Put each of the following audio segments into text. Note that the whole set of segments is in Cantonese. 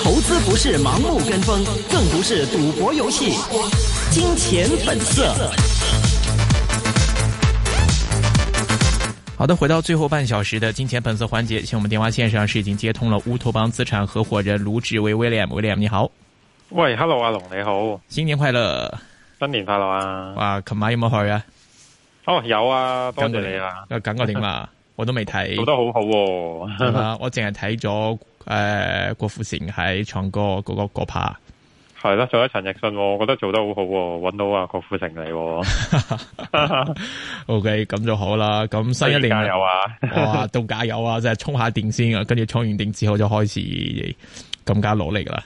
投資不是盲目跟風，更不是賭博遊戲。金錢本色。好的，回到最後半小時的金錢本色環節。請我們電話線上是已經接通了烏托邦資產合夥人盧志威 William，William 你好。喂，Hello，阿龍你好，新年快樂，新年快樂啊！哇，琴晚有冇去啊？哦，有啊，跟住你啊，又等我電話。 我都未睇，做得好好，哦。 我淨係睇咗誒，郭富城喺唱歌嗰個 part，係啦，做咗陳奕迅，哦，我覺得做得好好，哦，揾到阿郭富城嚟，哦。O K，咁就好啦。咁新一年加油啊！哇， 哦，都加油啊！即係充下電先啊，跟住充完電之後就開始更加努力啦。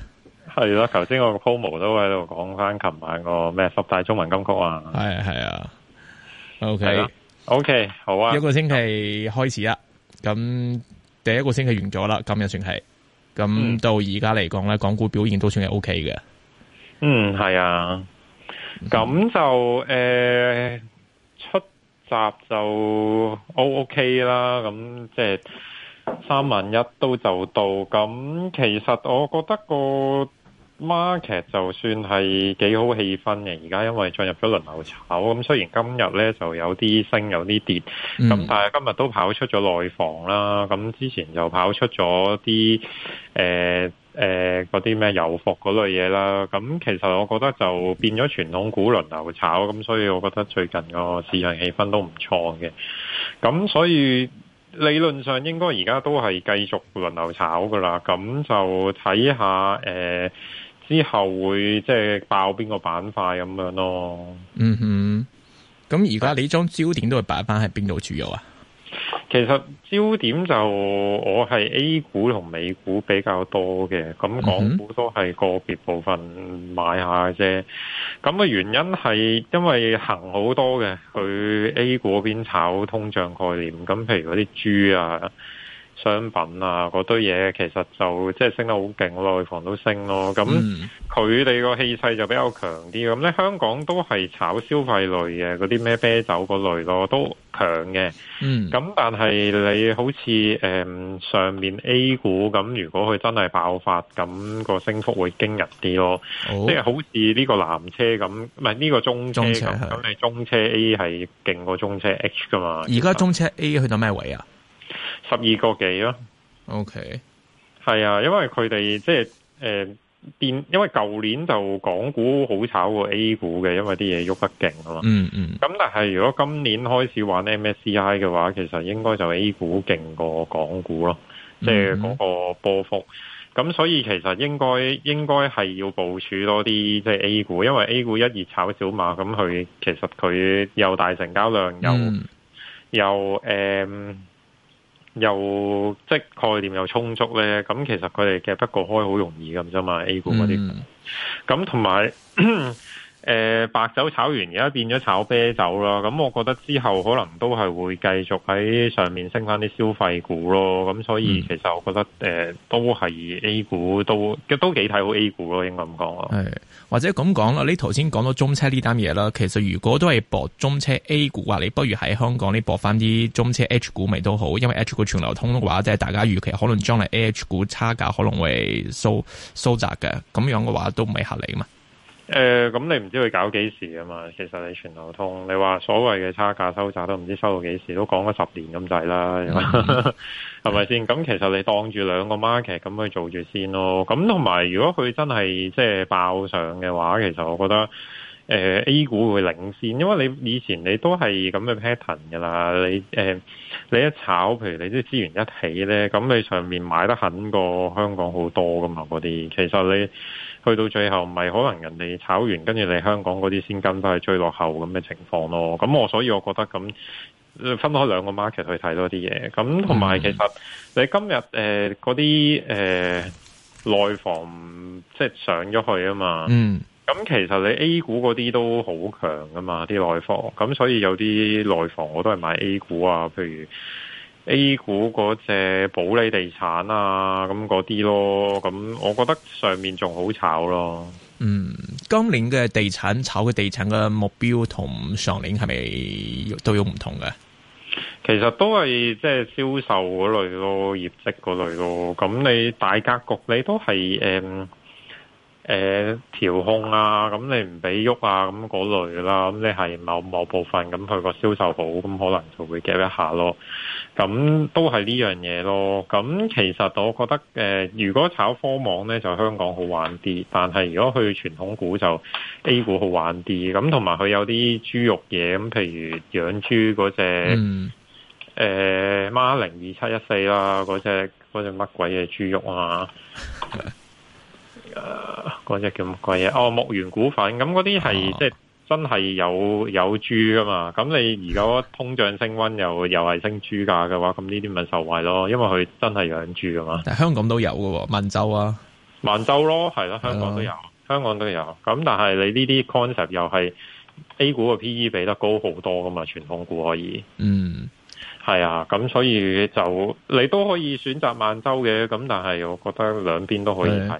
係啦，頭先我 promo 都喺度講翻，琴晚個咩十大中文金曲啊，係係啊。O K，啊。Okay. O、okay, K，好啊，一個星期開始啦，咁、嗯、第一個星期完咗啦，今日算係，咁、嗯、到而家嚟講咧，港股表現都算係 O K 嘅，嗯，係啊，咁、嗯、就誒、呃、出閘就 O O K 啦，咁即係三萬一都就到，咁其實我覺得個。Market 就算係幾好氣氛嘅，而家因為進入咗輪流炒，咁雖然今日呢就有啲升有啲跌，咁但係今日都跑出咗內房啦，咁之前就跑出咗啲誒誒嗰啲咩油服嗰類嘢啦，咁其實我覺得就變咗傳統股輪流炒，咁所以我覺得最近個市場氣氛都唔錯嘅，咁所以理論上應該而家都係繼續輪流炒㗎喇，咁就睇下誒。欸之後會即係爆邊個板塊咁樣咯。嗯哼，咁而家你將焦點都係擺翻喺邊度持有啊？其實焦點就我係 A 股同美股比較多嘅，咁港股都係個別部分買下啫。咁嘅原因係因為行好多嘅，佢 A 股嗰邊炒通脹概念，咁譬如嗰啲豬啊。商品啊，嗰堆嘢其實就即係升得好勁咯，內房都升咯。咁佢哋個氣勢就比較強啲。咁咧香港都係炒消費類嘅，嗰啲咩啤酒嗰類咯，都強嘅。咁、嗯、但係你好似誒、呃、上面 A 股咁，如果佢真係爆發，咁個升幅會驚人啲咯。即係、哦、好似呢個藍車咁，唔係呢個中車咁。中車咁你中車 A 係勁過中車 H 噶嘛？而家中車 A 去到咩位啊？十二個幾咯，OK，係啊，因為佢哋即係誒、變，因為舊年就港股好炒過 A 股嘅，因為啲嘢喐得勁啊嘛。嗯嗯、mm。咁、hmm. 但係如果今年開始玩 MSCI 嘅話，其實應該就 A 股勁過港股咯，即係嗰個波幅。咁所以其實應該應該係要部署多啲即係 A 股，因為 A 股一熱炒小馬，咁佢其實佢又大成交量、mm hmm. 又又誒。呃又即概念又充足咧，咁其實佢哋嘅不過開好容易咁啫嘛，A 股嗰啲，咁同埋。誒、呃，白酒炒完而家變咗炒啤酒啦咁我覺得之後可能都係會繼續喺上面升翻啲消費股咯，咁所以其實我覺得誒、呃、都係 A 股都都幾睇好 A 股咯，應該咁講啊。係或者咁講啦，你頭先講到中車呢單嘢啦，其實如果都係搏中車 A 股啊，你不如喺香港你搏翻啲中車 H 股咪都好，因為 H 股全流通嘅話，即係大家預期可能將來 A H 股差價可能會收收窄嘅，咁樣嘅話都唔係合理嘛。誒，咁、呃、你唔知佢搞幾時啊嘛？其實你全流通，你話所謂嘅差價收窄都唔知收到幾時，都講咗十年咁滯啦，係咪先？咁、 嗯嗯、其實你當住兩個 market 咁去做住先咯。咁同埋，如果佢真係即係爆上嘅話，其實我覺得誒、呃、A 股會領先，因為你以前你都係咁嘅 pattern 噶啦。你誒、呃，你一炒，譬如你啲資源一起咧，咁你上面買得狠過香港好多噶嘛？嗰啲其實你。去到最後，咪可能人哋炒完，跟住你香港嗰啲先跟翻去追落後咁嘅情況咯。咁我所以，我覺得咁分開兩個 market 去睇多啲嘢。咁同埋其實你今日誒嗰啲誒內房即係上咗去啊嘛。嗯。咁其實你 A 股嗰啲都好強啊嘛，啲內房。咁所以有啲內房我都係買 A 股啊，譬如。A 股嗰隻保利地產啊，咁嗰啲咯，咁我覺得上面仲好炒咯。嗯，今年嘅地產炒嘅地產嘅目標同上年係咪都有唔同嘅？其實都係即係銷售嗰類咯，業績嗰類咯。咁你大格局你都係誒誒調控啊，咁你唔俾喐啊，咁嗰類啦。咁你係某某部分咁佢個銷售部，咁可能就會夾一下咯。咁都係呢樣嘢咯。咁其實我覺得，誒、呃，如果炒科網呢，就香港好玩啲，但係如果去傳統股就 A 股好玩啲。咁同埋佢有啲豬肉嘢，咁譬如養豬嗰隻，誒、嗯，孖零二七一四啦，嗰隻嗰隻乜鬼嘢豬肉啊？嗰隻、 uh, 叫乜鬼嘢？哦、oh，牧原股份。咁嗰啲係即係。啊。真係有有豬噶嘛？咁你而家通脹升溫，又又係升豬價嘅話，咁呢啲咪受惠咯？因為佢真係養豬噶嘛。但香港都有㗎喎，萬洲啊，萬洲咯，係啦，香港都有，香港都有。咁的但係你呢啲 concept 又係 A 股嘅 PE 畀得高好多噶嘛？傳統股可以。嗯，係啊，咁所以就你都可以選擇萬洲嘅。咁但係我覺得兩邊都可以係。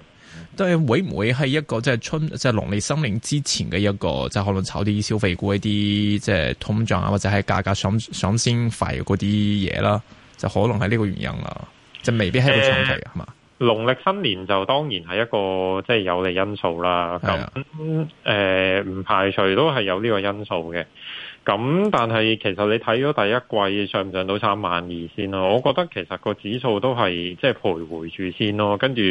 都係會唔會係一個即係春即係農曆新年之前嘅一個即係可能炒啲消費股一啲即係通脹啊或者係價格上上先快嗰啲嘢啦，就可能係呢、就是、個原因啦，就未必係一個長期係嘛？呃、吧農曆新年就當然係一個即係、就是、有利因素啦，咁誒唔排除都係有呢個因素嘅。咁，但係其實你睇咗第一季上唔上到三萬二先咯？我覺得其實個指數都係即係徘徊住先咯，跟住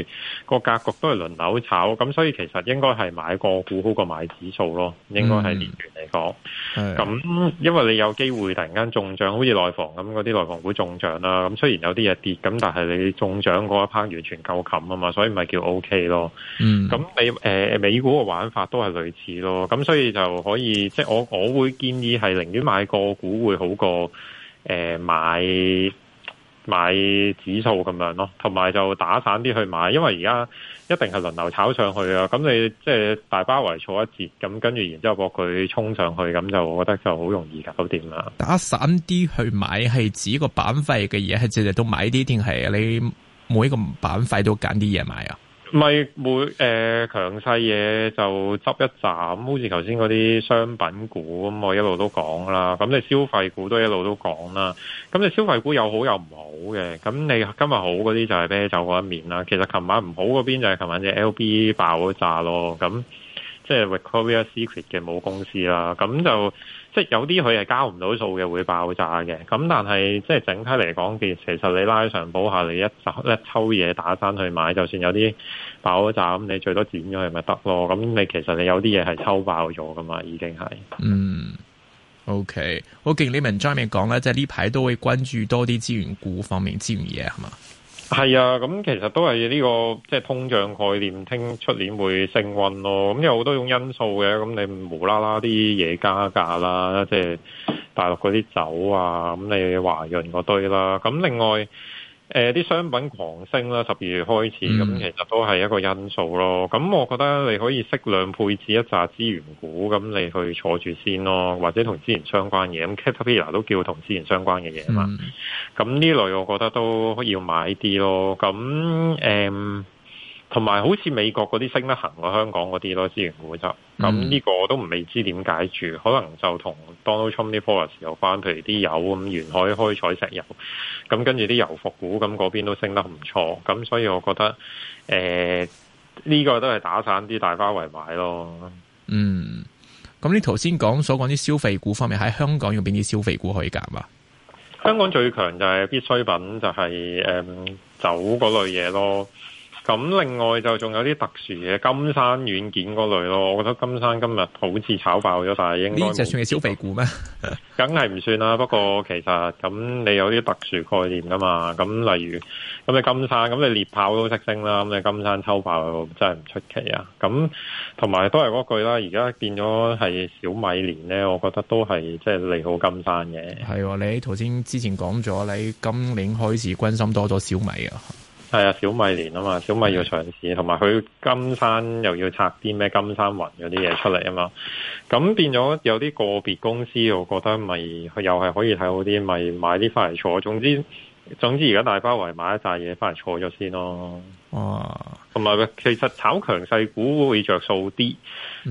個格局都係輪流炒，咁所以其實應該係買個股好過買指數咯。應該係年段嚟講，咁、嗯、因為你有機會突然間中獎，好似內房咁，嗰啲內房會中獎啦。咁雖然有啲嘢跌，咁但係你中獎嗰一 part 完全夠冚啊嘛，所以咪叫 O K 咯。嗯，咁你誒美股嘅玩法都係類似咯，咁所以就可以即係我我會建議。係寧願買個股會好過誒、呃、買買指數咁樣咯，同埋就打散啲去買，因為而家一定係輪流炒上去啊。咁你即係、就是、大包圍坐一節，咁跟住然之後搏佢衝上去，咁就我覺得就好容易搞掂啦。打散啲去買係指個板塊嘅嘢，係只只都買啲，定係你每一個板塊都揀啲嘢買啊？咪每誒、呃、強勢嘢就執一站，咁好似頭先嗰啲商品股，咁我一路都講啦。咁你消費股都一路都講啦。咁你消費股有好有唔好嘅。咁你今日好嗰啲就係啤酒嗰一面啦。其實琴晚唔好嗰邊就係琴晚隻 LB 爆炸咯。咁即係 Victoria Secret 嘅母公司啦。咁就。即係有啲佢係交唔到數嘅會爆炸嘅，咁但係即係整體嚟講，其實你拉上補下，你一一抽嘢打翻去買，就算有啲爆炸咁，你最多剪咗佢咪得咯。咁你其實你有啲嘢係抽爆咗㗎嘛，已經係。嗯，OK。好勁李文 join 咪講咧，即係呢排都會關注多啲資源股方面資源嘢係嘛？係啊，咁其實都係呢個即係通脹概念，聽出年會升溫咯。咁有好多種因素嘅，咁你無啦啦啲嘢加價啦，即係大陸嗰啲酒啊，咁你華潤嗰堆啦，咁另外。誒啲、呃、商品狂升啦，十二月開始咁，嗯、其實都係一個因素咯。咁我覺得你可以適量配置一紮資源股，咁你去坐住先咯，或者同資源相關嘅。咁 Caterpillar 都叫同資源相關嘅嘢嘛。咁呢、嗯、類我覺得都要買啲咯。咁同埋好似美國嗰啲升得行過香港嗰啲咯，資源股就咁，呢個我都唔未知點解住，可能就同 Donald Trump 啲 policy 有關，譬如啲油咁，沿海開採石油，咁跟住啲油服股咁嗰邊都升得唔錯，咁所以我覺得誒呢、呃呢個都係打散啲大包圍買咯。嗯，咁你頭先講所講啲消費股方面喺香港要邊啲消費股可以揀啊？香港最強就係必需品，就係誒酒嗰類嘢咯。咁另外就仲有啲特殊嘅金山軟件嗰類咯，我覺得金山今日好似炒爆咗，但係應該呢就算係小肥股咩？梗係唔算啦。不過其實咁你有啲特殊概念噶嘛？咁例如咁你金山，咁你獵豹都識升啦。咁你金山抽爆，真係唔出奇啊！咁同埋都係嗰句啦，而家變咗係小米年咧，我覺得都係即係利好金山嘅。係啊，你頭先之前講咗，你今年開始關心多咗小米啊。係啊，小米年啊嘛，小米要嘗試，同埋佢金山又要拆啲咩金山雲嗰啲嘢出嚟啊嘛，咁變咗有啲個別公司，我覺得咪佢又係可以睇好啲，咪買啲翻嚟坐。總之總之而家大包圍買一紮嘢翻嚟坐咗先咯。哦哇，同埋其實炒強勢股會着數啲，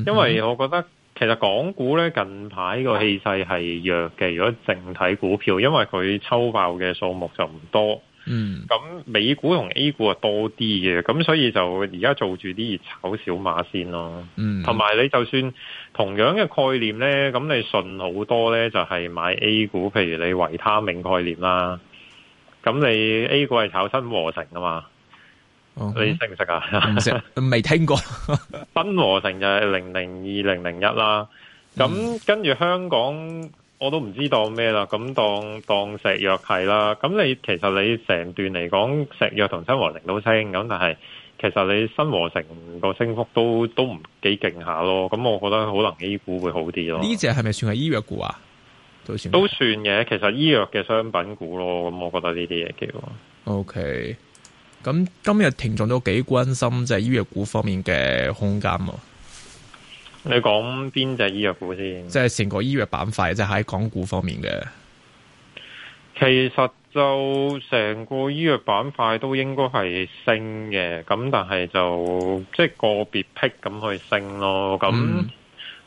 因為我覺得其實港股咧近排個氣勢係弱嘅，如果淨睇股票，因為佢抽爆嘅數目就唔多。嗯，咁美股同 A 股係多啲嘅，咁所以就而家做住啲炒小馬先咯。嗯，同埋你就算同樣嘅概念呢，咁你信好多呢就係買 A 股，譬如你維他命概念啦，咁你 A 股係炒新和成啊嘛。嗯、你識唔識啊？唔識，嗯，未 聽過。 新和成就係零零二零零一啦。咁，嗯、跟住香港。我都唔知道當咩啦，咁當當石藥係啦，咁你其實你成段嚟講石藥同新和成都升，咁但係其實你新和成個升幅都都唔幾勁下咯，咁我覺得可能 A 股會好啲咯。呢隻係咪算係醫藥股啊？都算嘅，其實醫藥嘅商品股咯，咁我覺得呢啲嘢叫。O K，咁今日聽眾都幾關心即係醫藥股方面嘅空間啊。你講邊隻醫藥股先？即係成個醫藥板塊，即係喺港股方面嘅。其實就成個醫藥板塊都應該係升嘅，咁但係就即係、就是、個別癖咁去升咯。咁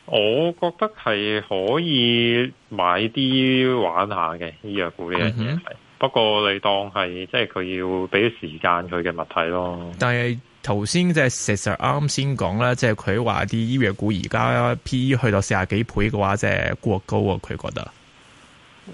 我覺得係可以買啲玩下嘅醫藥股呢樣嘢，嗯、哼不過你當係即係佢要俾時間佢嘅物體咯。但係。頭先即係石 Sir 啱先講啦，即係佢話啲醫藥股而家 P E 去到四十幾倍嘅話，即係過高啊！佢覺得，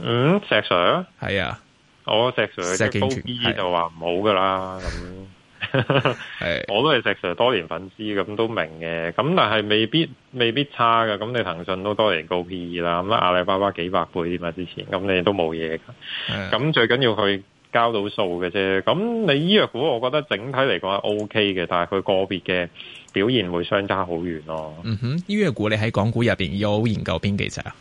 嗯，石 Sir 係啊，我石 Sir 嘅高 P E 就話唔好噶啦，咁係，我都係石 Sir 多年粉絲，咁都明嘅，咁但係未必未必差噶，咁你騰訊都多年高 P E 啦，咁阿里巴巴幾百倍啲嘛之前，咁你都冇嘢噶，咁最緊要去。交到數嘅啫，咁你醫藥股我覺得整體嚟講係 OK 嘅，但係佢個別嘅表現會相差好遠咯。嗯哼，醫藥股你喺港股入邊有研究邊幾隻啊？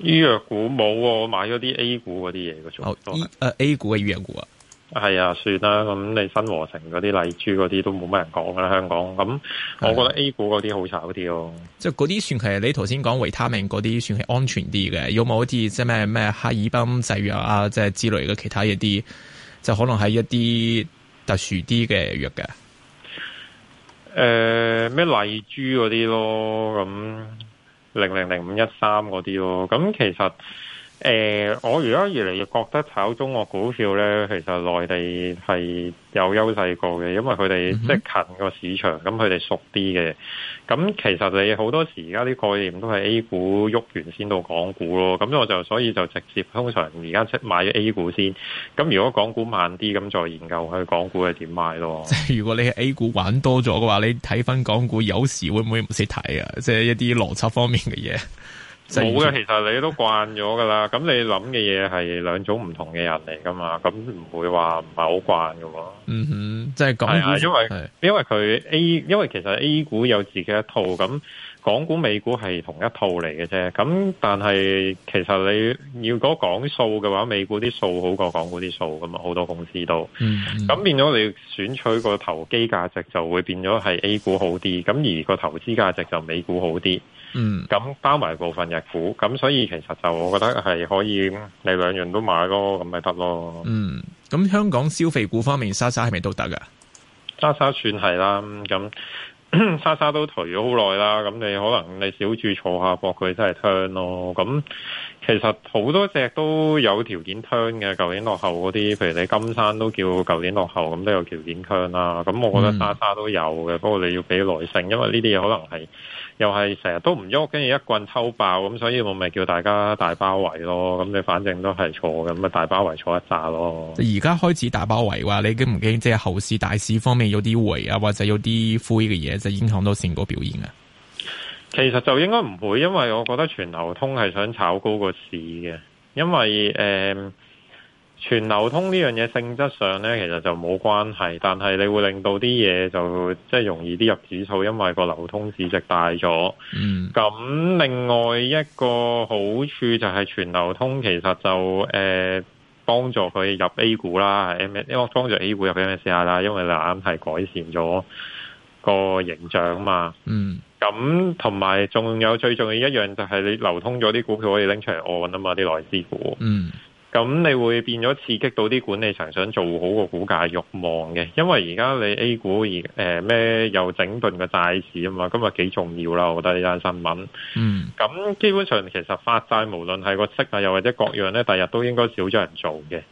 醫藥股冇，我買咗啲 A 股嗰啲嘢嘅。好，誒是、e, uh, A 股嘅醫藥股啊。係啊，算啦。咁你新和成嗰啲麗珠嗰啲都冇乜人講噶啦，香港。咁我覺得 A 股嗰啲好炒啲咯。即係嗰啲算係你頭先講維他命嗰啲，算係安全啲嘅。有冇一啲即係咩咩哈爾濱製藥啊，即係之類嘅其他嘢啲？就可能係一啲特殊啲嘅藥嘅。誒、呃，咩麗珠嗰啲咯？咁零零零五一三嗰啲咯？咁其實。誒、欸，我而家越嚟越覺得炒中國股票咧，其實內地係有優勢過嘅，因為佢哋即係近個市場，咁佢哋熟啲嘅。咁其實你好多時而家啲概念都係 A 股喐完先到港股咯。咁我就所以就直接通常而家即係買咗 A 股先。咁如果港股慢啲，咁再研究去港股係點賣咯。即係如果你喺 A 股玩多咗嘅話，你睇翻港股有時會唔會唔識睇啊？即、就、係、是、一啲邏輯方面嘅嘢。冇嘅，其實你都慣咗噶啦。咁你諗嘅嘢係兩種唔同嘅人嚟噶嘛？咁唔會話唔係好慣嘛。嗯哼，即係講，係啊，因為的因為佢 A，因為其實 A 股有自己一套咁，港股美股係同一套嚟嘅啫。咁但係其實你如果講數嘅話，美股啲數好過港股啲數噶嘛。好多公司都。咁、嗯嗯、變咗你選取個投機價值就會變咗係 A 股好啲，咁而個投資價值就美股好啲。嗯，咁包埋部分日股，咁所以其實就我覺得係可以，你兩樣都買咯，咁咪得咯。嗯，咁香港消費股方面，莎莎係咪都得噶？莎莎算係啦，咁莎莎都頹咗好耐啦。咁你可能你少住坐下搏佢真係 turn 咯。咁其實好多隻都有條件 turn 嘅，舊年落後嗰啲，譬如你金山都叫舊年落後，咁都有條件 turn 啦。咁我覺得莎莎都有嘅，不過、嗯、你要俾耐性，因為呢啲嘢可能係。又係成日都唔喐，跟住一棍抽爆，咁所以我咪叫大家大包圍咯。咁你反正都係錯，咁咪大包圍錯一揸咯。而家開始大包圍話、啊，你驚唔驚？即係後市大市方面有啲回啊，或者有啲灰嘅嘢，就影響到成個表現啊？其實就應該唔會，因為我覺得全流通係想炒高個市嘅，因為、嗯全流通呢樣嘢，性質上呢，其實就冇關係，但係你會令到啲嘢就即係容易啲入指數，因為個流通市值大咗。嗯。咁另外一個好處就係全流通，其實就誒、呃、幫助佢入 A 股啦，M 因為幫助 A 股入 MSCI 啦，因為啱係改善咗個形象嘛。嗯。咁同埋仲有最重要一樣就係你流通咗啲股票可以拎出嚟按啊嘛，啲內資股。嗯。咁你會變咗刺激到啲管理層想做好個股價慾望嘅，因為而家你 A 股而咩、呃、又整頓個債市啊嘛，今日幾重要啦！我覺得呢單新聞。嗯。咁基本上其實發債無論係個息啊，又或者各樣呢，第日都應該少咗人做嘅。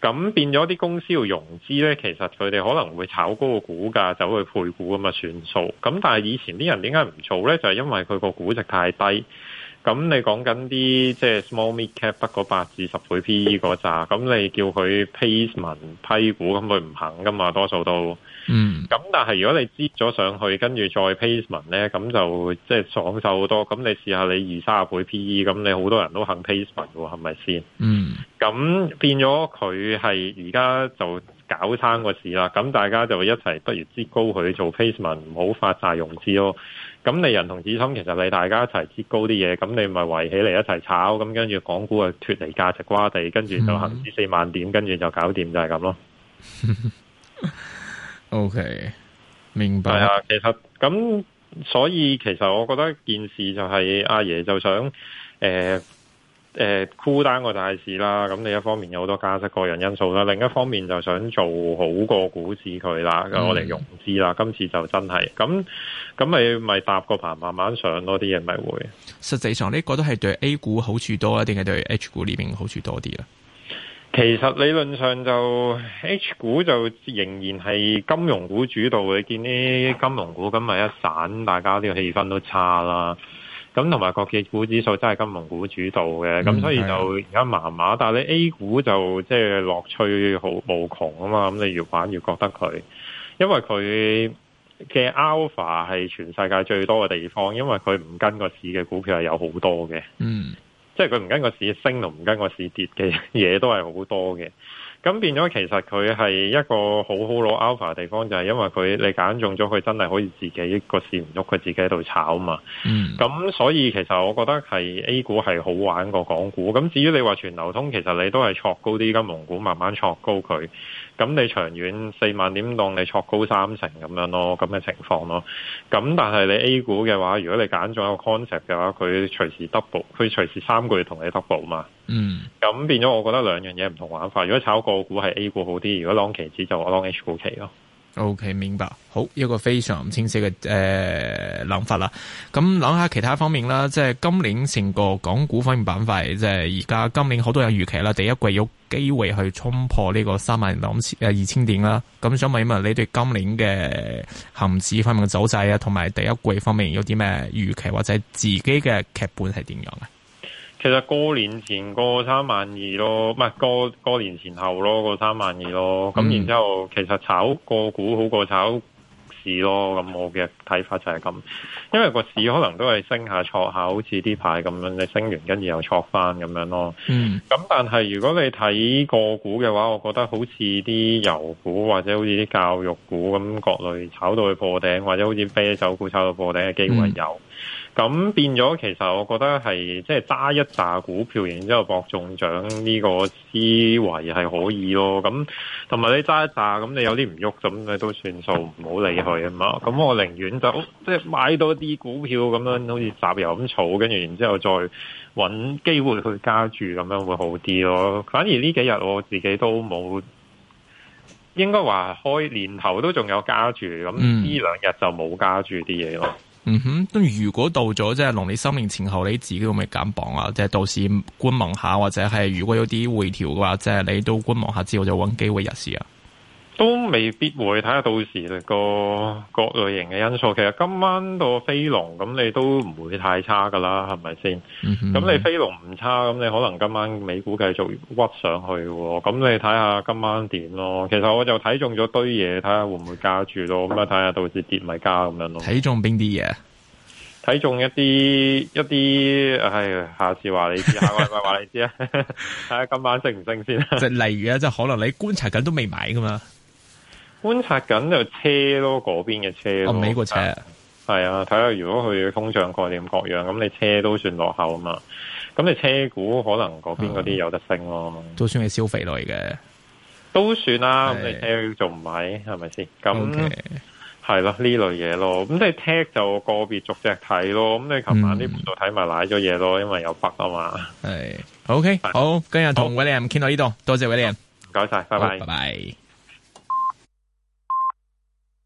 咁變咗啲公司要融資呢，其實佢哋可能會炒高個股價，走去配股咁啊算數。咁但係以前啲人點解唔做呢？就係、是、因為佢個股值太低。咁你講緊啲即係、就是、small mid cap 得個八至十倍 PE 嗰扎，咁你叫佢 placement 批股，咁佢唔肯噶嘛，多數都。嗯。咁但係如果你支咗上去，跟住再 placement 咧，咁就即係、就是、爽手好多。咁你試下你二三十倍 PE，咁你好多人都肯 placement 喎，係咪先？嗯。咁變咗佢係而家就搞生個市啦，咁大家就一齊不如支高佢做 placement 唔好發債融資咯。咁你人同子心，其實你大家一齊接高啲嘢，咁你咪圍起嚟一齊炒，咁跟住港股啊，脱離價值瓜地，跟住就行至四萬點，跟住、嗯、就搞掂就係、是、咁咯。 OK，明白。係啊，其實咁，所以其實我覺得件事就係、是、阿爺就想、呃誒、呃，孤單個大市啦，咁你一方面有好多加息個人因素啦，另一方面就想做好個股市佢啦，我哋融資啦，嗯、今次就真係，咁咁咪咪搭個棚慢慢上多啲嘢咪會。實際上呢個都係對 A 股好處多啊，定係對 H 股呢邊好處多啲咧？其實理論上就 H 股就仍然係金融股主導嘅，你見啲金融股咁咪一散，大家呢個氣氛都差啦。咁同埋國企股指數真係金融股主導嘅，咁、嗯、所以就而家麻麻，但係你 A 股就即係樂趣好無窮啊嘛！咁你越玩越覺得佢，因為佢嘅 alpha 係全世界最多嘅地方，因為佢唔跟個市嘅股票係有好多嘅，嗯，即係佢唔跟個市升同唔跟個市跌嘅嘢都係好多嘅。咁變咗其實佢係一個好好攞 alpha 嘅地方，就係、是、因為佢你揀中咗佢，真係可以自己個市唔喐，佢自己喺度炒嘛。咁、mm. 所以其實我覺得係 A 股係好玩過港股。咁至於你話全流通，其實你都係篤高啲，金融股，慢慢篤高佢。咁你長遠四萬點當你錯高三成咁樣咯，咁嘅情況咯。咁但係你 A 股嘅話，如果你揀咗一個 concept 嘅話，佢隨時 double，佢隨時三個月同你 double 嘛。嗯。咁變咗，我覺得兩樣嘢唔同玩法。如果炒個股係 A 股好啲，如果 long 期指就 long H 股期咯。OK，明白。好一個非常清晰嘅誒諗法啦。咁諗下其他方面啦，即係今年成個港股方面板塊，即係而家今年好多有預期啦，第一季有機會去衝破呢個三萬兩千誒二千點啦，咁想問一問你對今年嘅恒指方面嘅走勢啊，同埋第一季方面有啲咩預期或者自己嘅劇本係點樣？其實過年前過三萬二咯，唔係過過年前後咯，過三萬二咯。咁然之後，其實炒個股好過炒市咯，咁我嘅睇法就係咁，因為個市可能都係升下挫下，好似啲牌咁樣，你升完跟住又挫翻咁樣咯。咁、嗯、但係如果你睇個股嘅話，我覺得好似啲油股或者好似啲教育股咁，各類炒到去破頂，或者好似啤酒股炒到破頂嘅機會係有。嗯咁變咗，其實我覺得係即係揸一揸股票，然之後博中獎呢個思維係可以咯。咁同埋你揸一揸，咁你有啲唔喐咁你都算數，唔好理佢啊嘛。咁我寧願就即係、就是、買多啲股票咁樣，好油樣，好似集郵咁儲，跟住然之後再揾機會去加注咁樣會好啲咯。反而呢幾日我自己都冇，應該話開年頭都仲有加注，咁呢兩日就冇加注啲嘢咯。嗯哼，都如果到咗即係農曆新年前後，你自己會唔會減磅啊？即係到時觀望下，或者係如果有啲回調嘅話，即係你都觀望下之後就揾機會入市啊。都未必會睇下到時個各類型嘅因素。其實今晚個飛龍咁，你都唔會太差噶啦，係咪先？咁、mm hmm. 你飛龍唔差，咁你可能今晚美股繼續屈上去。咁你睇下今晚點咯。其實我就睇中咗堆嘢，睇下會唔會加住咯。咁啊睇下到時跌咪加咁樣咯。睇中邊啲嘢？睇中一啲一啲，唉，下次話你知，下個禮拜話你知啊。睇下 今晚升唔升先。即係例如啊，即係可能你觀察緊都未買噶嘛。觀察緊就車咯，嗰邊嘅車、啊、美國車係啊，睇下、嗯啊、如果佢通脹概念各樣，咁你車都算落後啊嘛，咁你車股可能嗰邊嗰啲有得升咯，都算係消費類嘅，都算啦，咁是你 A 股仲唔係，係咪先？咁係咯，呢類嘢咯，咁即 tech 就個別逐隻睇咯，咁你琴晚呢盤就睇埋瀨咗嘢咯，因為有北啊嘛。係，OK，是好，今日同 William 傾好到呢度，多謝 William，唔該晒，拜拜，拜拜。